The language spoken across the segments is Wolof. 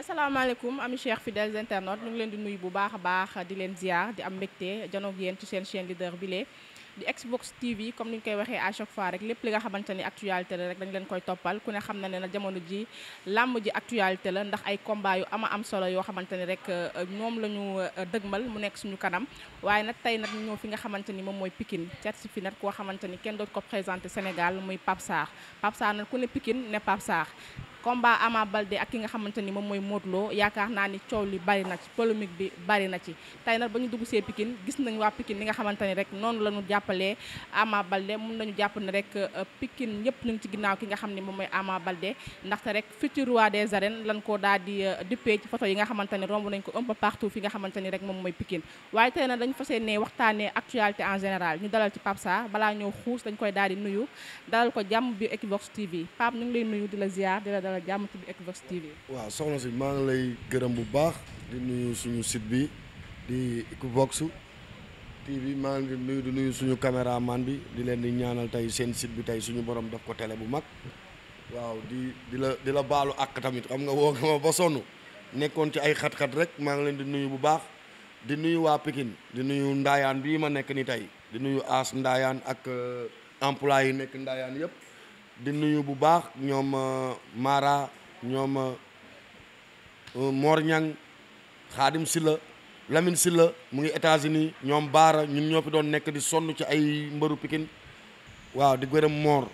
asalaamaaleykum ami chers fidèles internautes ñu ngi leen di nuyu bu baax a baax di leen ziar di am mbégte janoog yéen ci seen chaîne leader bi lee di Xbox TV comme ni ñu koy waxee à chaque fois rek lépp li nga xamante ni actualité la rek dañ leen koy toppal ku ne xam na ne na jamono ji làmb ji actualité la ndax ay combat yu ama am solo yoo xamante ni rek moom euh, la ñu euh, dëgmal mu nekk suñu kanam waaye nag tey nag ñoo fi nga xamante ni moom mooy pikin seet si fi nag koo xamante ni kenn doot ko présenté Sénégal muy Pape Sarr Pape Sarr ku ne Pikine ne Pape combat Ama Baldé ak ki nga xamante ni moom mooy Modou Lo yaakaar naa ni coow li bari na ci polémique bi bari na ci tey nag ba ñu dugg see Pikine gis nañ waa Pikine li nga xamante ni rek noonu la ñu jàppalee Ama Baldé mun nañu jàpp ne rek euh, ñëpp ñu ci ginnaaw ki nga xam ni moom mooy Ama Baldé ndaxte rek futur roi des arènes lan koo daal di euh, ci photo yi nga xamante romb nañ ko un peu partout fi nga xamante ni rek moom mooy Pikine waaye tey nag dañu fas yéenee waxtaanee actualité koy daal di nuyu dalal ko jàmm dalal jàmm ci bi Equivox waaw soxna si maa ngi lay gërëm bu baax di nuyu suñu sit bi di ku Equivox TV maa ngi nuyu di nuyu suñu caméraman bi di leen di ñaanal tey seen site bi tey suñu borom daf ko télé bu mag. waaw di di la di la baalu àq tamit xam nga woo nga ma ba sonn nekkoon ci ay xat-xat rek maa ngi leen di nuyu bu baax di nuyu waa Pikine di nuyu ndaayaan bii ma nekk ni tey di nuyu aas ndaayaan ak euh, employé yi nekk ndaayaan yëpp. di nuyu bu baax ñoom euh, Mara ñoom euh, euh, Mor Ñang Xaadim Silla Lamine Silla mu ngi États-Unis ñoom Baara ñun ñoo fi doon nekk di sonn ci ay mbëru pikin waaw di gërëm moor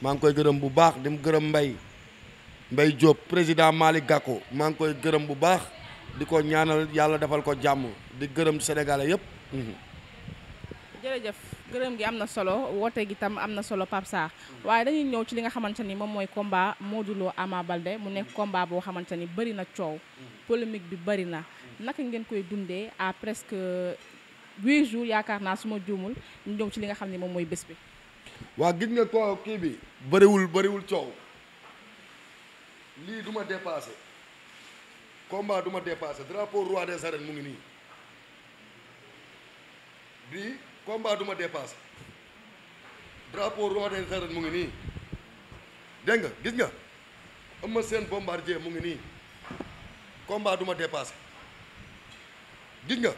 maa ngi koy gërëm bu baax di gërëm Mbay Mbay Diop président mali Gakou maa ngi koy gërëm bu baax di ko ñaanal yàlla defal ko jàmm di gërëm Sénégalais yëpp. jërëjëf gërëm gi am na solo woote gi tam am na solo Pape Sarr waaye dañuy ñëw ci li nga xamante ni moom mooy komba Modou Lo Ama Baldé mu nekk combat boo xamante ni bëri na coow polémique bi bëri na naka ngeen koy dundee à presque huit jours yaakaar naa su ma juumul ñu ñëw ci li nga xam ne moom mooy bés bi waa gis nga ko kii bi bariwul bariwul coow lii du ma komba combat du ma dépassé drapeau roi des arènes mu ngi nii combat du ma dépassé drapeau roi des mu ngi nii dégg nga gis nga Eumeu seen Bombardier mu ngi nii combat duma ma dépassé gis nga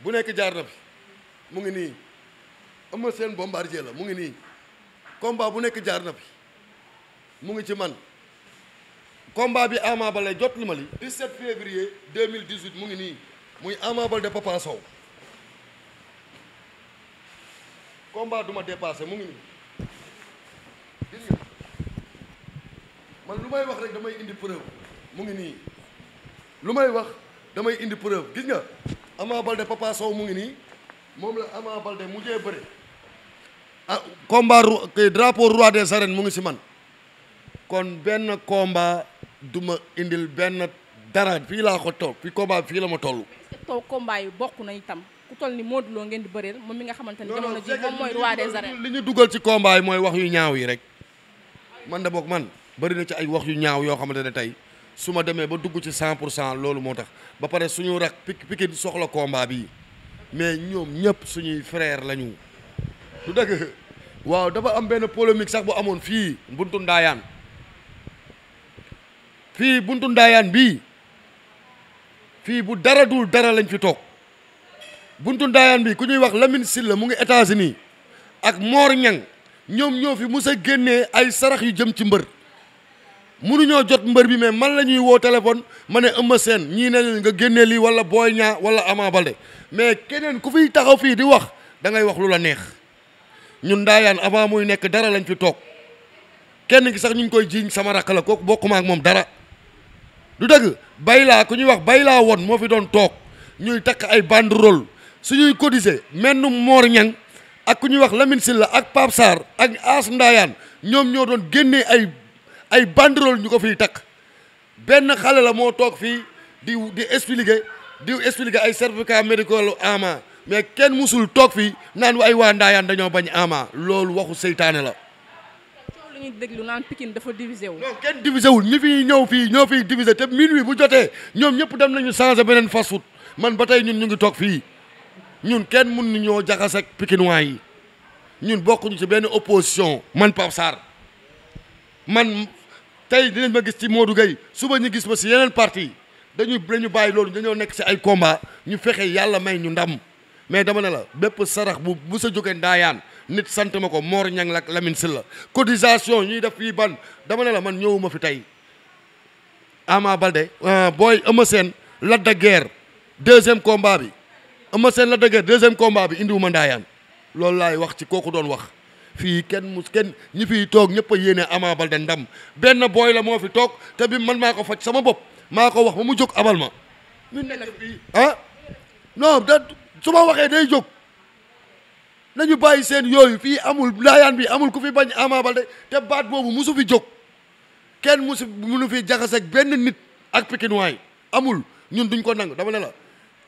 bu nekk jaar na bi mu ngi nii Eumeu Sène Bombardier la mu ngi nii combat bu nekk jaar na bi mu ngi ci man combat bi Ama Baldé jot li ma li mille février 2018 mu ngi nii muy Ama Baldé Papa Sow combat duma ma mu ngi nii gis man lu may wax rek damay indi preuve mu ngi nii lu may wax damay indi preuve gis nga Ama Balde Papa mu ngi nii moom la Ama Balde mujjee bëre ah combat drapeau roi des arènes mu ngi si man kon benn combat duma indil benn dara fii laa ko toog fi combat fii la ma toll. est-ce yi bokk na itam. ku toll ni Modou Lo ngeen di bëreel moom mi nga xamante ne jamono ji moom mooy roi des arènes li ñu dugal ci combat yi mooy wax yu ñaaw yi rek man da book man bëri na ci ay wax yu ñaaw yoo xamante ne tey su ma demee ba dugg ci cent pour cent loolu moo tax ba pare suñu rak pik piki soxla kombaa bi mais ñoom ñëpp suñuy frère lañu du dëgg waaw dafa am benn polémique sax bu amoon fii buntu ndaayaan fii buntu ndaayaan bii fii bu dara dul dara lañ fi toog buntu ndaayaan bi ku ñuy wax Lamine Sylla mu ngi États-Unis ak moor Ñang ñoom ñoo fi mus a génnee ay sarax yu jëm ci mbër mënuñoo jot mbër bi mais man la ñuy woo téléphone ma ne Eumeu seen ñii ne leen nga génnee lii wala Boy ñaa wala Ama Baldé mais keneen ku fiy taxaw fii di wax da ngay wax lu la neex ñun ndaayaan avant muy nekk dara lañ fi toog kenn ki sax ñu ngi koy jiiñ sama rakk la kooku bokkuma ak moom dara du dëgg baylaa ku ñuy wax baylaa woon moo fi doon toog ñuy takk ay banderole suñuy cotiser menn Mor Ñang ak ku ñuy wax Lamine Silla ak Pape Sarr ak As Ndaayaan ñoom ñoo doon génnee ay ay banderole ñu ko fiy takk benn xale la moo toog fii di di expliquer di expliquer ay certificat médical ama mais kenn musul toog fii naan ay waa Ndaayaan dañoo bañ ama loolu waxu seytaane la. ñu déglu naan Pikine dafa divisé wu. kenn divisé wul ñi fi ñëw fii ñoo fiy divisé te minuit bu jotee ñoom ñëpp dem nañu changé beneen fast food man ba tey ñun ñu ngi toog fii. ñun kenn mun ñoo jaxase ak pikinois yi ñun bokkuñu ci benn opposition man Pape Sarr man tey dinañ ba gis ci Modou Gueye suba ñu gis ma si yeneen parti dañu dañu bàyyi loolu dañoo nekk si ay combat ñu fexe yàlla may ñu ndam mais dama ne la bépp sarax bu bu sa jóge ndaayaan nit sant ma ko moor Ñang la ak Lamine Sylla cotisation ñuy def fii ban dama ne la man ñëwuma fi tey Ama Baldé euh, booy Eumeu seen Lac de Guiers deuxième combat bi Eumeu seen la dëgër deuxième combat bi indiwuma ndaayaan loolu laay wax ci kooku doon wax fii kenn mus kenn ñi fiy toog ñëpp yéene Ama Baldé ndam benn booy la moo fi toog te bi man maa ko faj sama bopp maa ko wax ba mu jóg abal ma ñu nekk fii ah non da su ma waxee day jóg nañu bàyyi seen yooyu fii amul ndaayaan bi amul ku fi bañ Ama Baldé te baat boobu musu fi jóg kenn musu munu fi jaxaseeg benn nit ak Pikinois yi amul ñun duñ ko nangu dama ne la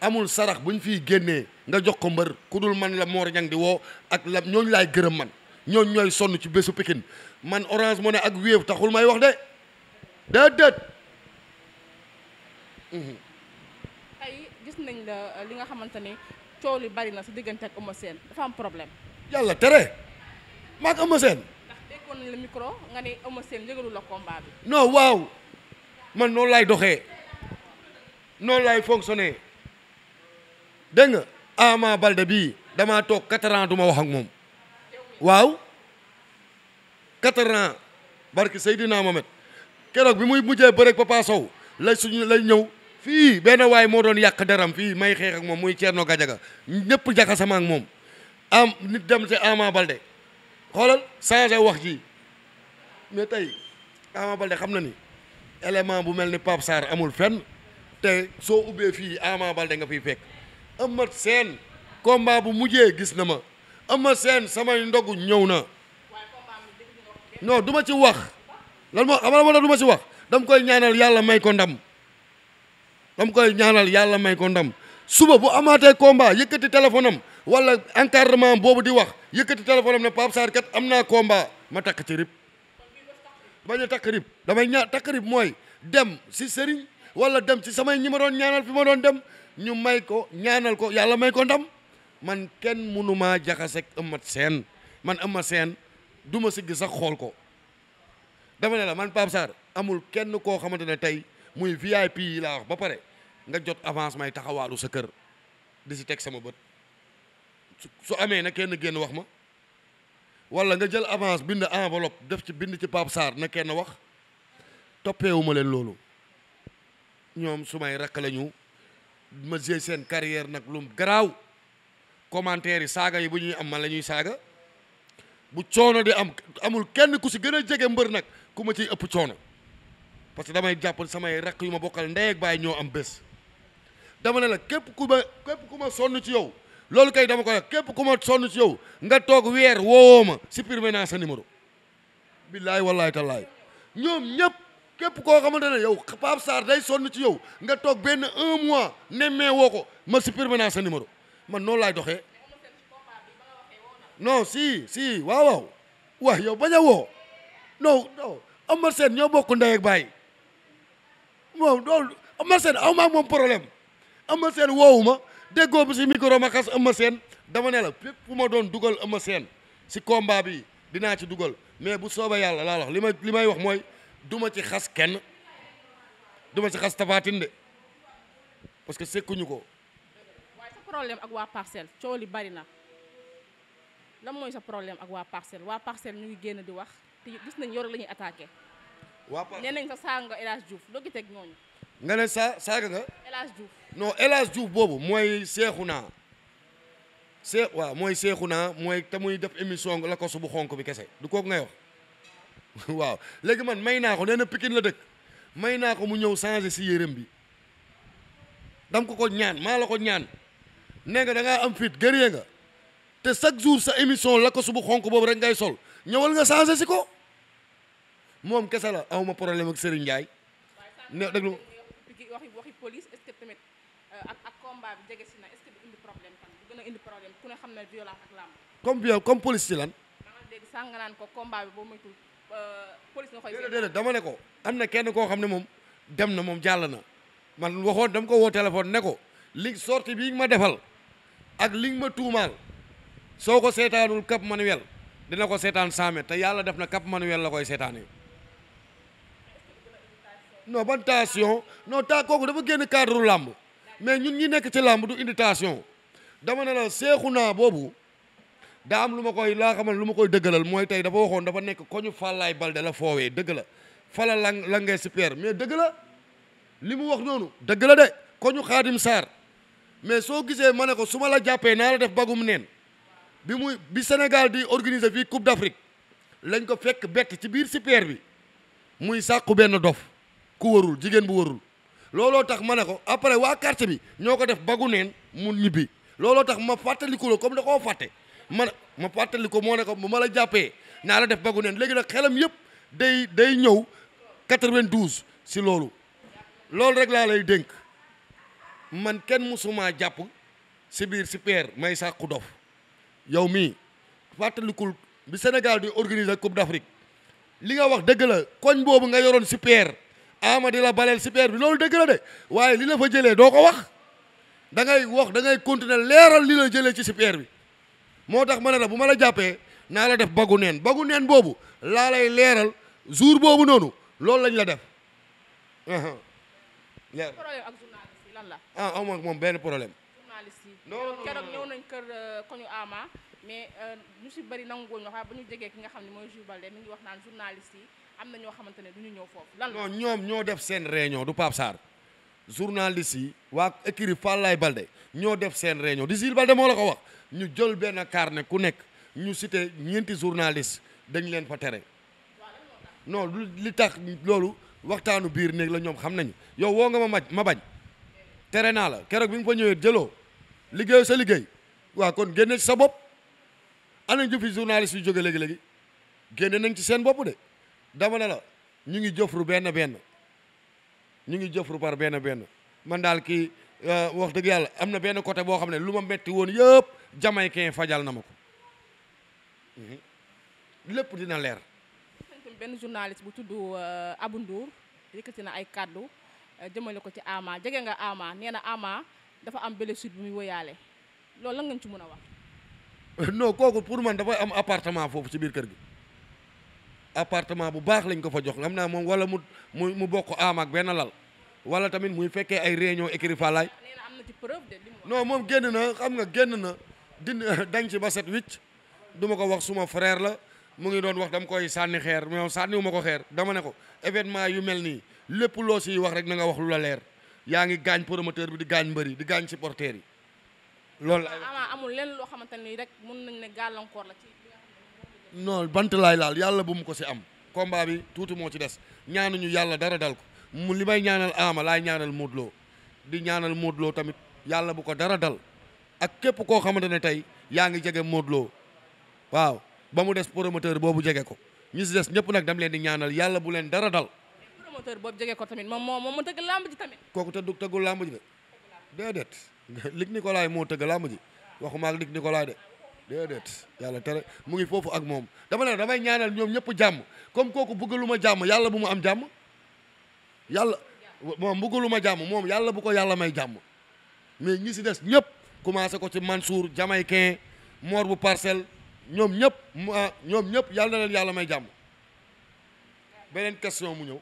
amul sarax bu ñu fiy génnee nga jox ko mbër ku dul man la Mor Niang di woo ak la ñooñu laay gërëm man ñooñu ñooy sonn ci bésu Pikine man Orange ne ak Wave taxul may wax de déedéet. tey gis nañ la li nga xamante ni coow li bari na sa diggante ak Eumeu Sène dafa am problème. yàlla tere ma ak Eumeu Sène. ndax nañ la micro nga ne Eumeu Sène yëgalul la combat bi. non waaw man noonu laay doxee noonu lay fonctionner. dégg nga Ama Balde bii damaa toog quatre ans du ma wax ak moom waaw quatre ans barki Seydina Mohamed keroog bi muy mujjee bëreeg Papa Sow lay suñu lay ñëw fii benn waay moo doon yàq deram fii may xeex ak moom muy Thierno Gadiaga ñëpp jaxasama ak moom am nit dem si Ama Balde xoolal changé wax ji mais tey Ama Balde xam na ni élément bu mel ni Pape Sarr amul fen te soo ubbee fii Ama Balde nga fiy fekk Eumeu seen komba bu mujjee gis na ma Eumeu Sène samay ndogu ñëw na non duma ci wax lan moo xamal ma du ma ci wax dam koy ñaanal yàlla may ko ndam dam koy ñaanal yàlla may ko ndam suba bu amaatee combat yëkkati téléphone am wala encadrement boobu di wax yëkkati téléphone am ne Pape kat am naa combat ma takk ci rib bañ a takk rib mooy dem si sëriñ wala dem ci samay ñi doon ñaanal fi ma doon dem ñu may ko ñaanal ko yàlla may ko ndam man kenn mënumaa jaxaseeg ëmmat seen man ëmmat seen du ma sigg sax xool ko dama ne la man Pape Sarr amul kenn koo xamante ne tey muy VIP yi laa wax ba pare nga jot avance may taxawaalu sa kër di si teg sama bët su amee na kenn génn wax ma wala nga jël avance bind enveloppe def ci bind ci Pape saar na kenn wax toppeewu ma leen loolu ñoom su may rakk lañu ma jël seen carrière nag lum garaaw commentaire yi saaga yi bu ñuy am ma la ñuy saaga bu coono di am amul kenn ku si gën a jege mbër nag ku ma ciy ëpp coono parce que damay jàpp samay rakk yu ma bokkal ndey ak ñoo am bés. dama ne la képp ku ma képp ku ma sonn ci yow loolu kay dama koy wax képp ku ma sonn ci yow nga toog weer woowoo ma si naa sa numéro. billaay wallaay tallaay ñoom ñëpp. képp koo xamante ne yow saar Sarr day sonn ci yow nga toog benn un mois nemmee woo ko ma supprimer naa sa numéro man noonu laay doxee no si si waaw waaw waaw yow bañ a woo non non Eumeu Sène ñoo bokk ndey ak baay moom loolu Eumeu aw maa moom problème Eumeu seen woowu ma déggoo bi si micro ma xas Eumeu seen dama ne la fépp ma doon dugal Eumeu Sène si combat bi dinaa ci dugal mais bu soobee yàlla laa wax li may li may wax mooy duma ci xas kenn duma ci xas tabaatin de parce que sekkuñu ko. waaye sa problème ak waa parcelle coow li bari na lan mooy sa problème ak waa parcelle waa parcelle ñu ngi génn di wax te gis nañ yor la ñuy attaqué. waa par sa saaga nga El Hadj Diouf loo gisee ak nga ne sa saaga nga. boobu mooy seexu naa. see waa mooy seexu naa mooy te muy def émission la ko subu xonk bi kese du kooku ngay waaw léegi man may naa ko nee na Pikine la dëkk may naa ko mu ñëw changé si yérem bi dam ko ko ñaan maa la ko ñaan nee nga da ngaa am fit gëree nga te chaque jour sa émission la ko subu xonq boobu rek ngay sol ñëwal nga changé si ko moom kese la awma problème ak Serigne Ndiaye. ne déglu waxi waxi police tamit euh, ak ak combat bi jege na est indi problème ku ne xam ne violence ak làmb. comme police ci lan. Euh, police nga koy déedéet dama ne ko am na kenn koo xam ne moom dem na moom jàll na man waxoon dam ko woo téléphone ne ko li sorti bii nga ma defal ak li nga ma tuumaal soo ko seetaanul Cap Manuel dina ko seetaan 100 mètres te yàlla def na Cap Manuel la koy seetaanee non ban noo non ta kooku dafa génn cadre làmb mais ñun ñi nekk ci làmb du invitation dama ne la seexu naa boobu daam lu ma koy laa xamal lu ma koy dëggalal mooy tey dafa waxoon dafa nekk koñu Fallaye Balde la foowee dëgg la fala lang langee super mais dëgg la li mu wax noonu dëgg la de koñu Xaadim Sarr mais soo gisee ma ne ko su ma la jàppee naa la def bagum neen bi muy bi Sénégal di organiser fii Coupe d'Afrique lañ ko fekk bett ci biir super bi muy sàqu benn dof ku warul jigéen bu warul looloo tax ma ne ko après waa quartier bi ñoo ko def bagu neen mu ñibbi looloo tax ma fàttaliku la comme da koo fàtte man ma fàttali ko moo ne ko bu ma la jàppee naa la def baggu neen léegi nag xelam yëpp day day ñëw 92 si loolu loolu rek laa lay dénk man kenn musumaa jàpp si biir si peer may sàkku dof yow mii fàttalikul bi Sénégal di organiser Coupe d'Afrique li nga wax dëgg la koñ boobu nga yoroon si peer ama di la baleel si peer bi loolu dëgg la de waaye li la fa jëlee doo ko wax da ngay wax da continuer leeral li la jëlee ci si peer bi moo tax ma ne la bu ma la jàppee naa la def bagu neen bagu neen boobu laa lay leeral jour boobu noonu loolu lañ la def. problème ak journaliste yi lan la. ah amoo ak moom benn problème. journaliste yi. non non non keroog ñëw nañ kër euh, koñu Ama mais euh, ñu si bëri nanguwul ñu wax ba ñu jegee ki nga xam ne mooy Jules Baldé mi ngi wax naan journaliste yi am na ñoo xamante ne du ñu ñëw foofu lan la. non ñoom ñoo def seen réunion du Pape Sarr journaliste yi waa écurie Fallaye Baldé ñoo def seen réunion di Jules ñu jël benn carnet ku nekk ñu cité ñeenti journaliste dañ leen fa tere non li tax loolu waxtaanu biir néeg la ñoom xam nañu yow woo nga ma maj ma bañ tere naa la keroog bi nga fa ñëwee jëloo liggéeyu sa liggéey waaw kon génne sa bopp ana jëfi journaliste yu jóge léegi-léegi génne nañ ci seen bopp de dama ne la ñu ngi jëfru benn benn ñu ngi jëfru par benn benn man daal kii Euh, wax dëgg yàlla am na benn côté boo xam ne lu ma metti woon yëpp jamaïcain fajal na ma ko mhm. lépp dina leer. benn journaliste bu tudd euh, Abou Ndour yëkkati na ay kàddu euh, jëmale ko ci Ama jege nga Ama nee na Ama dafa am blessure bu muy wëyaale loolu la nga ci mën a wax. non kooku pour man dafay am appartement foofu ci biir kër gi appartement bu baax lañ ko fa jox ngam naa moom wala mu mu mu bokk Ama benn lal. wala tamit muy fekkee ay réunion écrit Fallaye. non moom génn na xam nga génn na din dañ ci ba set wicc du ma ko wax suma frère la mu ngi doon wax dama koy sànni xeer mais sànniwu ma ko xeer dama ne ko événement yu mel nii lépp loo siy wax rek na nga wax lu la leer yaa ngi gaañ promoteur bi di gaañ mbëri di gaañ supporters yi loolu la amul lenn loo xamante ni rek mën nañ ne gàllankoor la ci bant laay laal yàlla bu mu ko si am komba bi tuuti moo ci des ñaanu ñu yàlla dara dal ko mu li may ñaanal Ama laay ñaanal Modou Lo di ñaanal Modou tamit yàlla bu ko dara dal ak képp koo xamante ne tey yaa ngi jege Modou Lo waaw ba mu des promoteur boobu jege ko ñu si des ñëpp nag dam leen di ñaanal yàlla bu leen dara dal. promoteur boobu jege ko tamit moom moo moo tëgg làmb ji tamit. kooku tëddu tëggul làmb ji de déedéet Luc Nicolaï moo tëgg làmb ji waxuma ak Luc Nicolaï de déedéet yàlla tere mu ngi foofu ak moom dama ne damay ñaanal ñoom ñëpp jàmm comme kooku bëgg lu jàmm yàlla bu mu am jàmm. yàlla moom bëgguluma jàmm moom yàlla bu ko yàlla may jàmm mais ñi si des ñëpp commencé ko ci jamay Jamaïcain moor bu parcel ñoom ñëpp ah, ñoom ñëpp yàlla na leen yàlla may jàmm beneen question mu ñëw.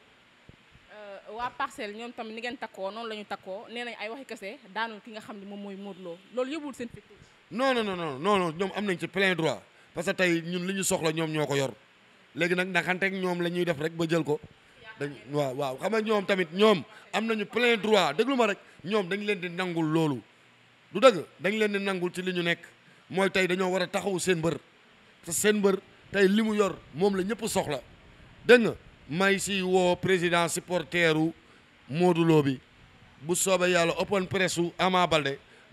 Euh, waa parcelle ñoom tamit ni ngeen takkoo noonu la ñu takkoo nee nañ ay waxi kese daanul ki nga xam ne moom mooy Modou Lo loolu yóbbul seen fit. non non non ñoom am nañ ci plein droit parce que tey ñun li ñu soxla ñoom ñoo ko yor léegi nag naxanteeg ñoom la ñuy def rek ba jël ko. dañ waaw waaw xam nga ñoom tamit ñoom am nañu plein droit déglu ma rek ñoom dañ leen di nangul loolu lu dëgg dañ leen di nangul ci li ñu nekk mooy tey dañoo war a taxawu seen mbër te seen mbër tey li mu yor moom la ñëpp soxla dégg nga may si woo président supporteru Modou Lo bi bu soobee yàlla open press u Ama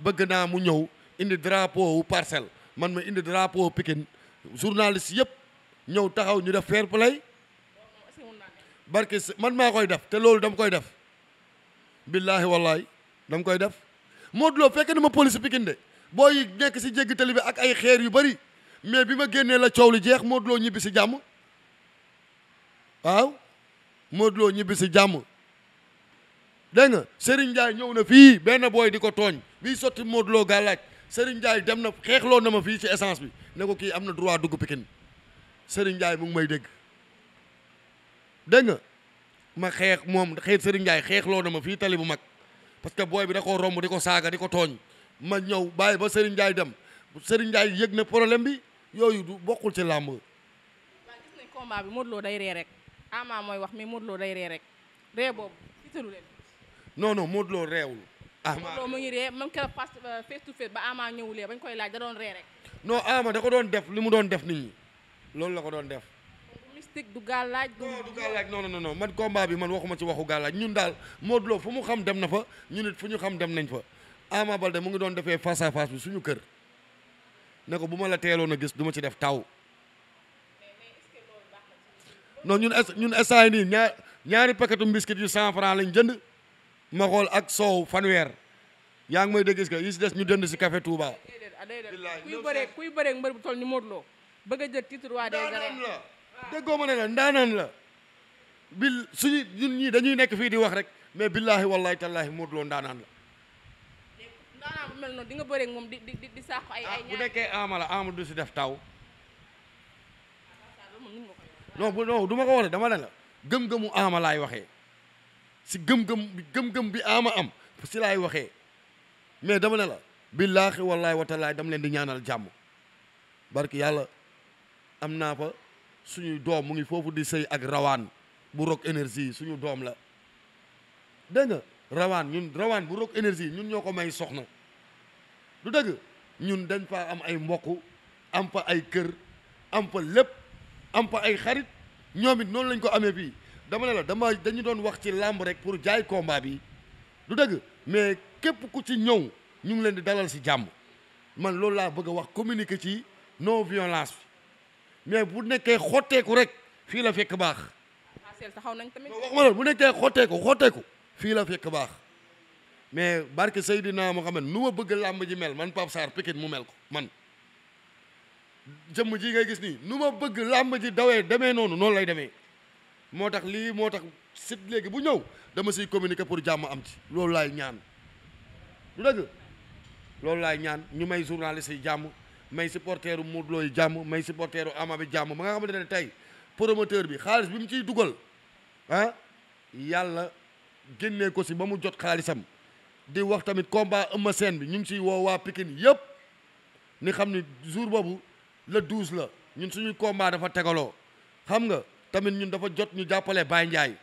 bëgg naa mu ñëw indi drapeau wu parcelle man ma indi drapeau Pikine journaliste yëpp ñëw taxaw ñu def fair play barke man maa koy def te loolu dama koy def billaahi wallaahi dama koy def Modou Lo fekk na ma police Pikine de booy nekk si jéggi tali bi ak ay xeer yu bari mais bi ma génnee la coow lu jeex Modou ñibbi si jàmm waaw Modou ñibbi si jàmm dégg nga Serigne Ndiaye ñëw na fii benn booy di ko tooñ bii sotti Modou Lo gàllaaj Serigne Ndiaye dem na xeexloo na ma fii ci essence bi ne ko kii am na droit dugg Pikine Serigne Ndiaye mu ngi may dégg dégg nga ma xeex moom xeet Serigne Ndiaye xeex loo na ma fii tali bu mag parce que booy bi da koo romb di ko saaga di ko tooñ ma ñëw bàyyi ba Serigne Ndiaye dem Serigne Ndiaye yëg na problème bi yooyu du bokkul ci làmb. waaw gis nañ combat bi Modou day ree rek Ama mooy wax mais Modou day ree rek ree boobu gisalu leen. non non Modou Lo reewul. Ama Modou Lo mu ngi ree même euh, face to face ba Ama ñëwulee bañ koy laaj da doon ree rek. non Ama da ko doon def li mu doon def nit loolu la ko doon def. mystique du gàllaaj du gàllaaj non non non man combat bi man waxuma ci waxu gàllaaj ñun daal Modou Lo fu mu xam dem na fa ñun it fu ñu xam dem nañ fa Ama Baldé mu ngi doon defee face à face bi suñu kër ne ko bu ma la teeloon a gis duma ci def taw non ñun es ñun instant nii ñaar ñaari paquetu mbiskit yu cent franc lañ jënd ma xool ak soow fanweer yaa ngi may dégg que yi si des ñu dënd si café Touba. Ah, kuy bëree mbër bu toll ni Modou Lo bëgg a jël titre roi des arènes déggoo ma ne la ndaanaan la bil suñu ñun ñii dañuy nekk fii di wax rek mais billaahi wallaahi tallaahi Modou Lo ndaanaan la. ndaanaan bu di nga bëre moom di di di saako ay ah, nekkee ama la ama du si def taw. non duma non du ma ko waxee dama ne la gëm-gëmu ama laay waxee si gëm-gëm gëm bi ama am si laay waxee mais dama ne la. billaahi wallaahi wa tallaahi dama leen di ñaanal jàmm barki yàlla am naa fa. suñuy doom mu ngi foofu di sëy ak rawaan bu rock énergie suñu doom la dégg nga rawaan ñun rawaan bu rock énergie ñun ñoo ko may soxna du dëgg ñun dañ fa am ay mbokk am fa ay kër am fa lépp am fa ay xarit ñoom it noonu lañ ko amee fii dama ne dama dañu doon wax ci làmb rek pour jaay combat bi du dëgg mais képp ku ci ñëw ñu ngi leen di dalal si jàmm man loolu laa bëgg a wax communiquer ci non violence bi mais bu nekkee xotteeku rek fii la fekk baax. taxaw nañ tamit wax ma la bu nekkee xotteeku xotteeku fii la fekk baax mais barke Seydina Mohamed nu ma bëgg làmb ji mel man Pape Sarr Pikine mu mel ko man jëm ji ngay gis nii nu ma bëgg làmb ji dawee demee noonu noonu lay demee moo tax lii moo tax sit léegi bu ñëw dama siy communiquer pour jàmm am ci loolu laay ñaan du dëgg loolu laay ñaan ñu may journaliste yi jàmm may supporteru Modou Lo yi jàmm may supporteru Ama bi jàmm ba nga xam ne tey promoteur bi xaalis bi mu ciy dugal ah yàlla génnee ko si ba mu jot xaalisam di wax tamit combat Eumeu Sène bi ñu ngi siy woo waa Pikine yëpp ni xam ni jour boobu le douze la ñun suñuy combat dafa tegaloo xam nga tamit ñun dafa jot ñu jàppale Baye Ndiaye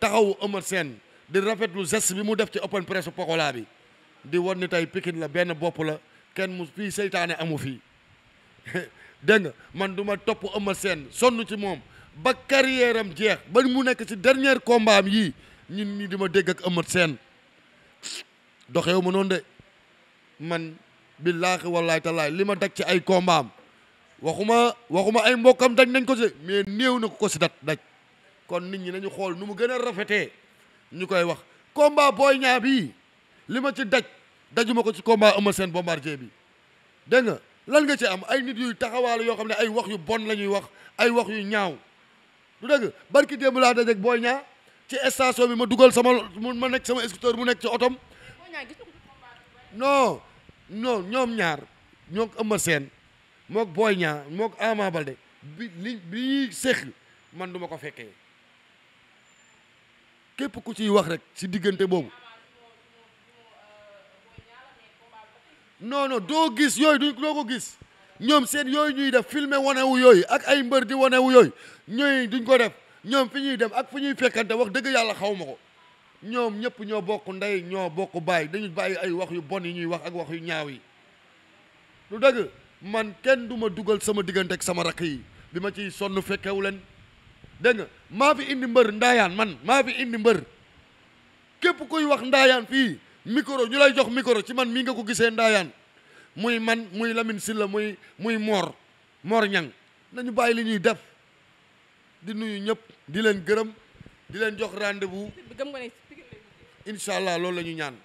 taxawu ama Sène di rafetlu geste bi mu def ci open press Pokola bi di won ni tey Pikine la benn bopp la kenn mu fii seytaane amu fii dégg man duma ma topp Eumeu Sène sonn ci moom ba carrière am jeex ba mu nekk ci dernier kombaam yii ñun ñi di ma dégg ak Eumeu Sène doxewu ma noonu de man billaahi wallaahi tallaahi li ma daj ci ay kombaam waxuma waxuma ay mbokkam daj nañ ko ci mais néew na ko ko si dat daj kon nit ñi nañu xool nu mu gën a rafetee ñu koy wax combat Boy ñaa bii li ma ci daj dajuma ko ci combat Eumeu Sène Bombardier bi dégg nga lan nga ci am ay nit yuy taxawaalu yoo xam ne ay wax yu bon la ñuy wax ay wax yu ñaaw du dëgg barki démb laa dajeeg booy ñaa ci station bi ma dugal sama ma nekk sama scooter mu nekk ci otom non non ñoom ñaar ñoo ko ëmma seen mook booy ñaa mook Ama Baldé bi li bi séq man du ma ko fekkee képp ku ciy wax rek ci diggante boobu non non doo gis yooyu duñ doo ko gis ñoom seen yooyu ñuy def filmer wanewu yooyu ak ay mbër di wanewu yooyu ñooy duñ ko def ñoom fi ñuy dem ak fi ñuy fekkante wax dëgg yàlla xaw ma ko ñoom ñëpp ñoo bokk ndey ñoo bokk bàyyi dañuy bàyyi ay wax yu bon yi ñuy wax ak wax yu ñaaw yi lu dëgg man kenn duma dugal sama diggante ak sama rakk yi bi ma ciy sonn fekkewu leen dégg nga maa fi indi mbër ndaayaan man maa fi indi mbër képp kuy wax ndaayaan fii micro ñu lay jox micro ci man mii nga ko gisee ndaayaan muy man muy Lamine Sylla muy muy Mor Mor Ñang nañu bàyyi li ñuy def di nuyu ñëpp di leen gërëm di leen jox rendez-vous incha allah loolu la ñuy ñaan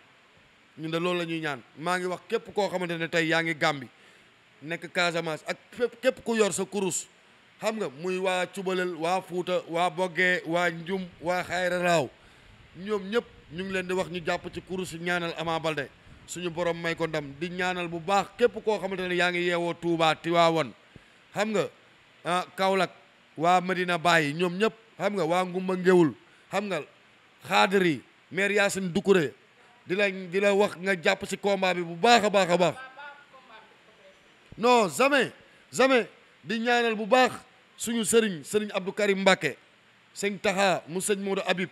ñun de loolu la ñuy ñaan maa ngi wax képp koo xamante ne tey yaa ngi Gàmbi nekk Casamance ak fépp képp ku yor sa kurus xam nga muy waa Cubalel waa Fuuta waa Boggee waa Njum waa Xayra Raaw ñoom ñëpp ñu ngi leen di wax ñu jàpp ci kurus ñaanal Ama Baldé suñu borom may ko ndam di ñaanal bu baax képp koo xamante ne yaa ngi yeewoo waa Tiwaawan xam nga ah Kaolack waa Medina Baye ñoom ñëpp xam nga waa Ngumba Ngewul xam nga xaadir yi maire Yacine Doucouré di la di wax nga jàpp ci combat bi bu baax a baax a baax no jamais jamais di ñaanal bu baax suñu sëriñ sëriñ Abdou Karim Mbacké sëñ Taha mu sëñ Modou Habib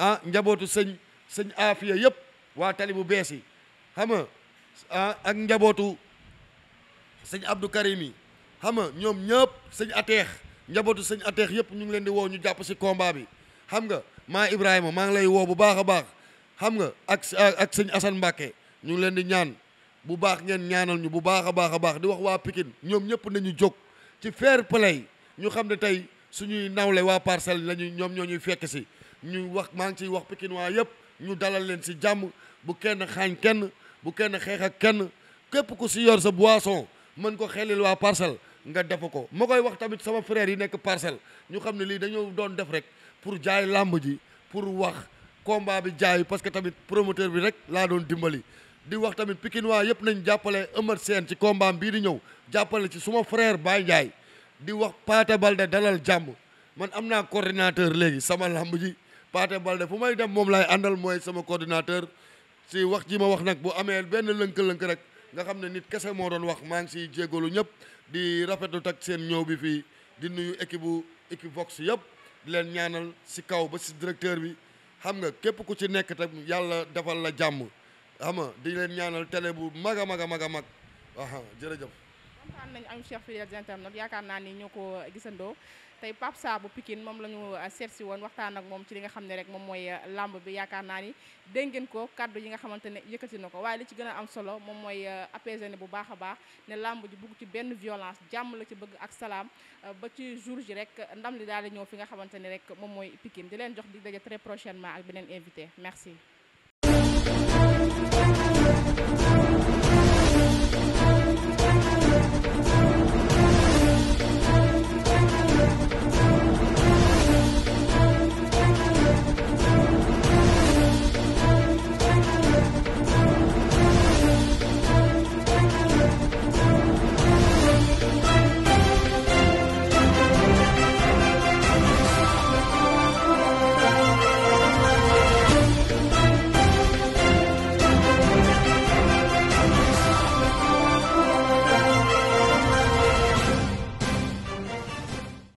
ah njabootu sëñ sëñ aafiya yëpp waa tali bu bees yi xam nga ah ak njabootu sëñ Abdou Karim yi xam nga ñoom ñëpp sëñ ateex njabootu sëñ ateex yëpp ñu ngi leen di woo ñu jàpp si kombaa bi xam nga maa Ibrahima maa ngi lay woo bu baax a baax xam nga ak ak sëñ Assane Mbacke ñu ngi leen di ñaan bu baax ngeen ñaanal ñu bu baax a baax a baax di wax waa Pikine ñoom ñëpp nañu jóg ci fair play ñu xam ne tey suñuy nawle waa parcelle lañu ñoom ñoo ñuy fekk si ñu wax maa ngi ciy wax Pikinois yëpp ñu dalal leen si jàmm bu kenn xaañ kenn bu kenn xeex ak kenn képp ku si yor sa boisson mën ko xelil waa parcelle nga def ko ma koy wax tamit sama frère yi nekk parcelle ñu xam ne lii dañoo doon def rek pour jaay làmb ji pour wax combat bi jaay parce que tamit promoteur bi rek laa doon dimbali di wax tamit Pikinois yëpp nañ jàppale Eumeu Sène ci combat bii di ñëw jàppale ci suma frère Baye Ndiaye di wax Paate Balde dalal jàmm man am naa coordinateur léegi sama ji Paate Balde fu may dem moom laay àndal mooy sama coordinateur si wax ji ma wax nag bu amee benn lënk-lënk rek nga xam ne nit kese moo doon wax maa ngi siy jégalu ñëpp di rafetlu tak seen ñëw bi fii di nuyu équipe bu Equivox yëpp di leen ñaanal si kaw ba si directeur bi xam nga képp ku ci nekk tam yàlla defal la jàmm ama di leen ñaanal télé bu mag a mag a mag a mag jërëjëf. kontaan nañu am Cheikh Fidèles internet yaakaar naa ni ñoo ko gisandoo. tey Pape Sarr bu Pikine moom la ñu euh, seet si woon waxtaan ak moom ci li nga xam ne rek moom mooy euh, làmb bi yaakaar naa ni dégg ngeen ko kaddu yi nga xamante ne yëkkati na ko waaye li ci gën am solo moom mooy euh, apaiser ne bu baax a baax ne làmb ji bugg ci benn violence jàmm la ci bëgg ak salaam ba ci jour ji rek ndam li daal di ñëw fi nga xamante ne rek moom mooy pikin di leen jox di daje très prochainement ak beneen invité merci